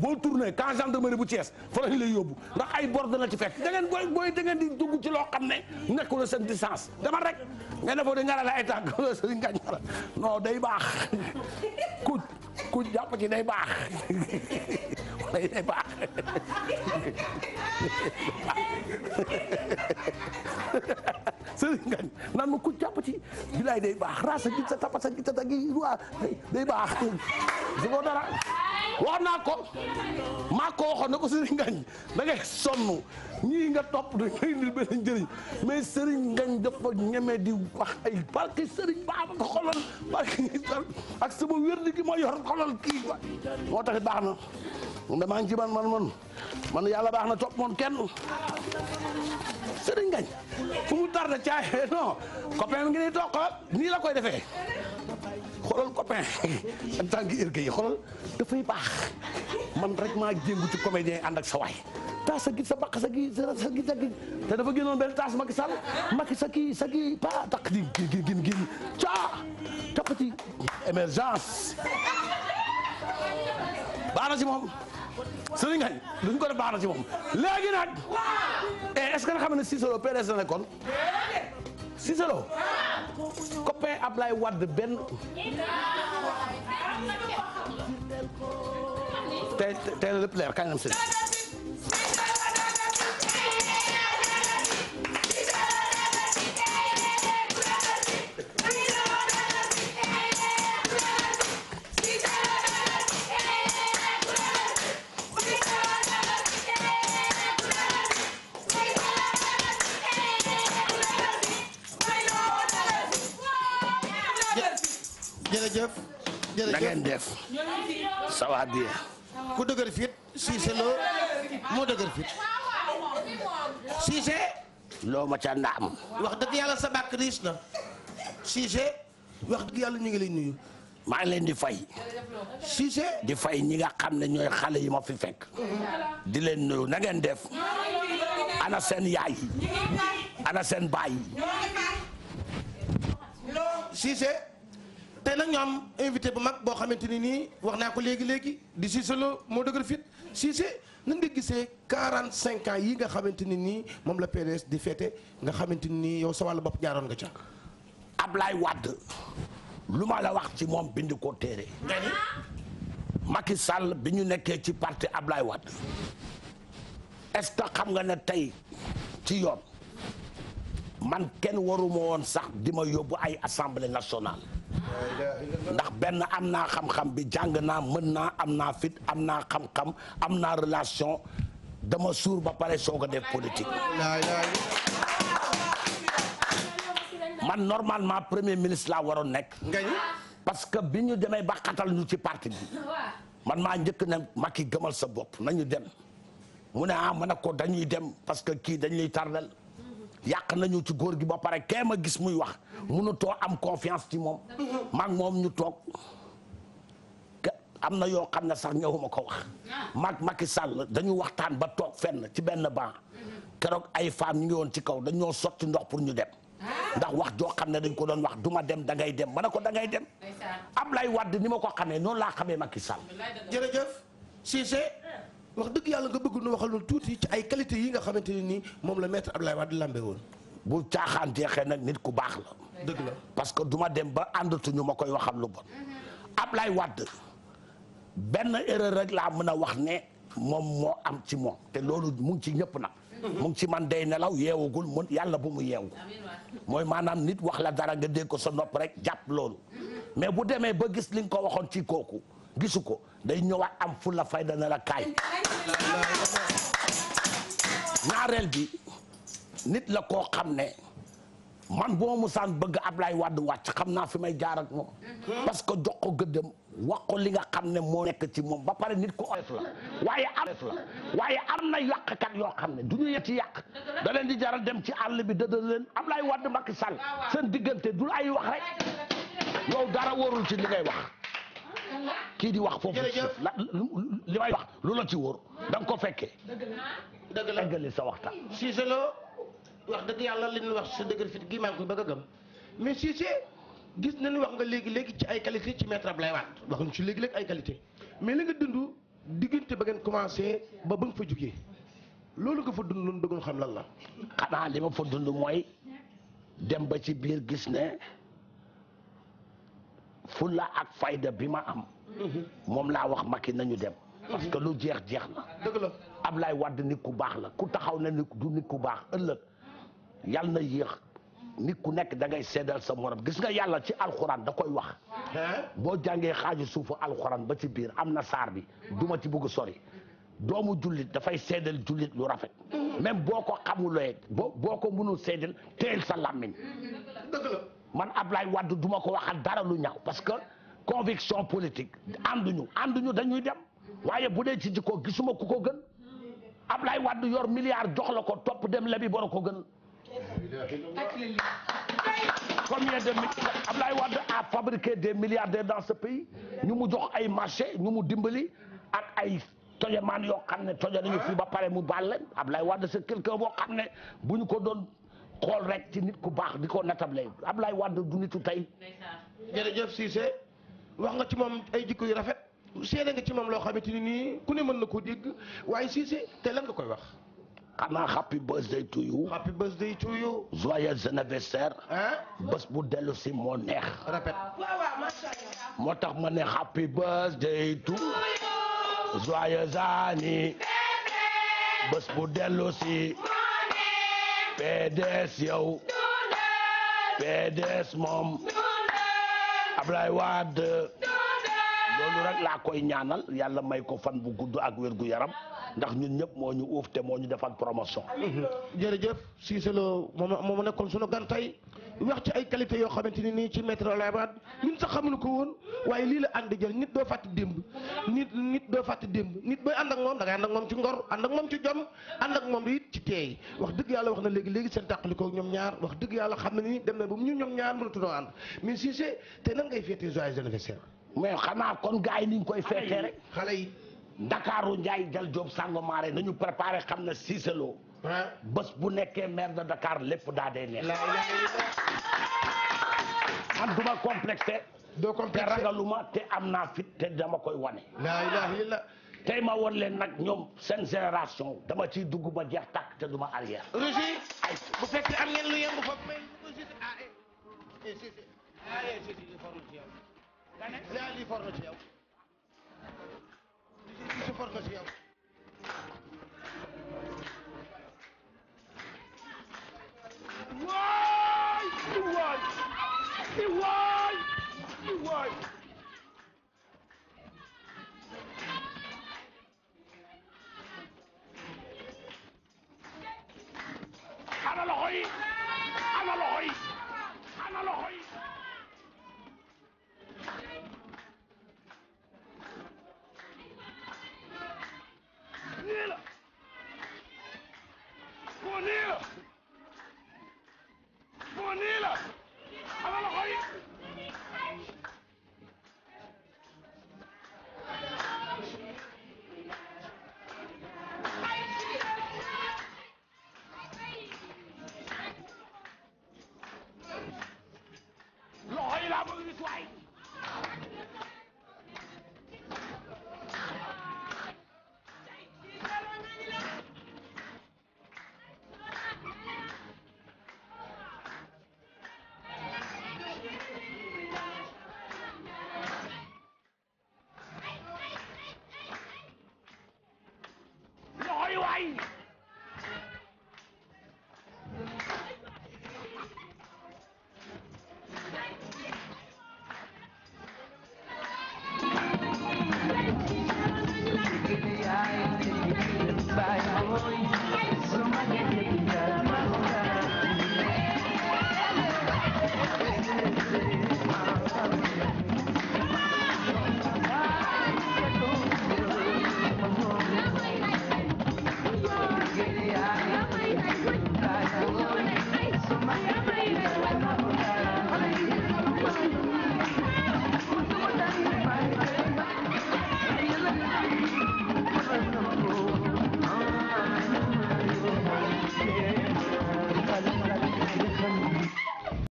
boo tourné quand gendarmerie bu Thiès fa lañ lay yóbbu ndax ay bor dana ci fekk da ngeen booy booy da ngeen di dugg ci loo xam ne nekkul seen distance dama rek nga ne foofu di ngarale ay tànk sëñ ngañ la non day baax ku ku jàpp ci day baax wala day baax sëriñ nan naan ma ku jàpp ci bilaay day baax raas a gis sa tapa sa gis sa gi baax juboo dara wax naa ko maa ko waxoon na ko sëriñ ngañ da ngay sonn ñii nga topp da ngay indil benn njëriñ mais sëriñ ngañ dafa ñeme di wax ay barke sëriñ baax ma ko xolal ak sama wér di gi ma yor xolal kii moo taxit baax na man damaa ngi ci man man man man yàlla baax na topp moon kenn Serigne Ngagne fu mu tardé caay non copain mi ngi nii nii la koy defee xoolal copain en tant que irge yi xoolal dafay baax man rek maa jéngu ci comédien yi ànd ak sa waay taas sa gi sa baq gi sa gi dafa génnoon benn taas maki Sall Macky sa gi sa gi di gin gin gin caa tapati émergence baax na si Serigne Ngagne duñ ko def baax na ci moom léegi nag eh, est ce que nga xam ne Cicelo PDS la nekkoon Cicelo copain Ablaye Wade benn tey tey lépp leer kañ la jërëjëf jërëjëf na ngeen def sawaadiya ku dëgër fit Cissé Lo moo dëgër fit Cissé loo ma ca ndaam wax dëgg yàlla sa bàkk riis na Cissé wax dëgg yàlla ñu ngi lay nuyu maa ngi leen di fay Cissé di fay ñi nga xam ne ñooy xale yi ma fi fekk di leen nuyu nangeen ngeen def ana seen yaay ana seen baay Cissé tey nag ñu am invité bu mag boo xamante ni nii wax naa ko léegi léegi di Cissé Lo moo dëgër fit Cissé nan nga gisee 45 ans yi nga xamante ni nii moom la PDS di fête nga xamante ni nii yow sa wàllu bopp jaaroon nga ca. Ablaye Wade lu ma la wax ci moom bind ko téere. nga ni Macky sàll bi ñu nekkee ci parti Ablaye Wade est xam nga ne tey ci yoon man kenn waruma woon sax di ma yóbbu ay assemblée nationale. ndax benn am naa xam-xam bi jàng naa mën naa am naa fit am naa xam-xam am naa relation dama suur ba pare soog des def politique. man normalement premier ministre laa waroon nekk. parce que bi ñu demee ba xatal ñu ci parti bi. man maa njëkk ne ki gëmal sa bopp nañu dem mu ne ah ma ne ko dañuy dem parce que kii dañuy tardel yàq nañu ci góor gi ba pare kee ma gis muy wax mënutoo am confiance ci moom maag moom ñu toog am na yoo xam ne sax ñëwuma ko wax mag Macky Sall dañu waxtaan ba toog fenn ci benn ban keroog ay femmes ñu ngi woon ci kaw dañoo sotti ndox pour ñu dem ndax wax joo xam ne dañ ko doon wax du ma dem da ngay dem ma ne ko da ngay dem Ablaye wadd ni ma ko xamee noonu laa xamee Macky Sall jërëjëf wax dëgg yàlla nga bëgg nu waxal nu tuuti ci ay qualité yi nga xamante ne nii moom la maître lay Wade lambe woon. bu caaxaan jeexee nag nit ku baax la. dëgg la parce que duma dem ba àndatuñu ma koy waxal lu bon. Mhm. lay Wade benn erreur rek laa mën a wax ne moom moo am ci moom te loolu mu ci ñëpp nag. Mhm. mu ngi ci man day nelaw yeewagul mun yàlla bu mu yeew mooy maanaam nit wax la dara nga dégg ko sa nopp rek jàpp loolu mhm. mais bu demee ba gis li nga ko waxoon ci kooku gisu ko day ñëwaat am fu la fayda la kaay ñaareel bi nit la koo xam ne man boo mu musaan bëgg ab Ablaye Wade wàcc xam naa fi may jaar ak moom parce que jox ko gëddëm wax ko li nga xam ne moo nekk ci moom ba pare nit ko oyof la waaye am la waaye am na yàqkat yoo xam ne du ñu yet ci yàq da leen di jaral dem ci àll bi dëdal leen Ablaye Wade Macky Sall seen diggante du ay wax rek yow dara wóorul ci li ngay wax kii di wax foofu li may wax lu la ci wóor da nga ko fekkee dëgg la eggali sa waxtaan Cissé Lo wax dëgg yàlla li ñu wax sa dëgër fit gi maa ngi koy bëgg a mais Cissé gis nañu wax nga léegi léegi ci ay qualité ci maître Ablaye Wade wax nga ci léegi léegi ay qualité mais li nga dund diggante ba ngeen commencé ba ba nga fa jugee loolu nga fa dund loolu bëggoon xam lan la xanaa li ma fa dund mooy dem ba ci biir gis ne fulla ak fayda bi ma am moom laa wax Macky nañu dem parce que lu jeex jeex na dëgg la Ablaye Wade baax la ku taxaw ne nit du nit ku baax ëllëg yàlla na yéex nit ku nekk da ngay seedal sa morom gis nga yàlla ci alxuraan da koy wax boo jàngee xaaju suufu alxuraan ba ci biir am na saar bi du ma ci bëgg sori doomu jullit dafay seddal jullit lu rafet même boo ko xamulee boo ko mënul seedal teel sa làmmiñ man Ablaye Wade du ko wax waxal dara lu ñaaw parce que conviction politique ànduñu ànduñu dañuy dem waaye bu dee ci jikko gisuma ku ko gën Ablaye Wade yor milliard jox la ko top dem lebi boro ko gën. combien de milliards Ablaye Wade a fabriqué des milliardaires dans ce pays ñu mu jox ay marché ñu mu dimbali ak ay tojamaan yoo xam ne toja nañu fii ba pare mu baal leen Ablaye Wade c'est quelqu'un boo xam ne bu ñu ko doon. xool rek ci nit ku baax di ko natable Ablaye Wade du nitu tey. jërëjëf Cissé wax nga ci moom ay jikko yu rafet seede nga ci moom loo xamante ni nii ku ne mën na ko dégg waaye Cissé te lan nga koy wax. xanaa happy birthday to you. happy birthday to you. joyeux anniversaire. bés bu dellu si moo neex. rafet moo tax ma ne happy birthday to you. joyeux anniversaire. bés bu dellu si. PDS yow PDS moom Ablaye Wade la rek laa koy ñaanal yàlla may ko fan bu gudd ak wér gu yaram ndax ñun ñëpp moo ñu uuf te moo ñu defal promotion. Mhm. jërëjëf Cissé Lo moom moom nekkoon sunu gan tey wax ci ay qualité yoo xamante nii ci maître Abdoulaye Wade ñun sax xamuñu ko woon waaye lii la ànd jël nit doo fàtte démb nit nit doo fàtte démb nit booy ànd ak moom da ngay ànd ak moom ci ngor ànd ak moom ci jom ànd ak moom it ci teey wax dëgg yàlla wax na léegi léegi seen tàqalikoo ñoom ñaar wax dëgg yàlla xam na ni dem na ba ñu ñoom ñaar mënatu noo ànd mais Cissé te nan ngay féetee joyeux anniversaire mais xanaa kon gars yi ni ñu koy fekkee rek ndakaaru Ndiaye Jal Diop Sangomare nañu préparé xam na Cissé Lo bés bu nekkee maire de Dakar lépp daa dee neex. man am na fit te dama koy wane. la ilaha illa ma won leen nag ñoom seen génération dama ci dugg ba jeex tàkk te duma arrière. Régis bu fekkee am ngeen lu yemb fa may. ah eh. eh si si ah eh si si li faru ci yow. nga ne laa li faru ci yow. yi ana loxo yi ana loxo yi nii la foo nii la foo nii Wayne.